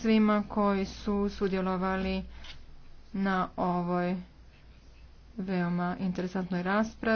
svima koji su sudjelovali na ovoj veoma interesantnoj raspravi.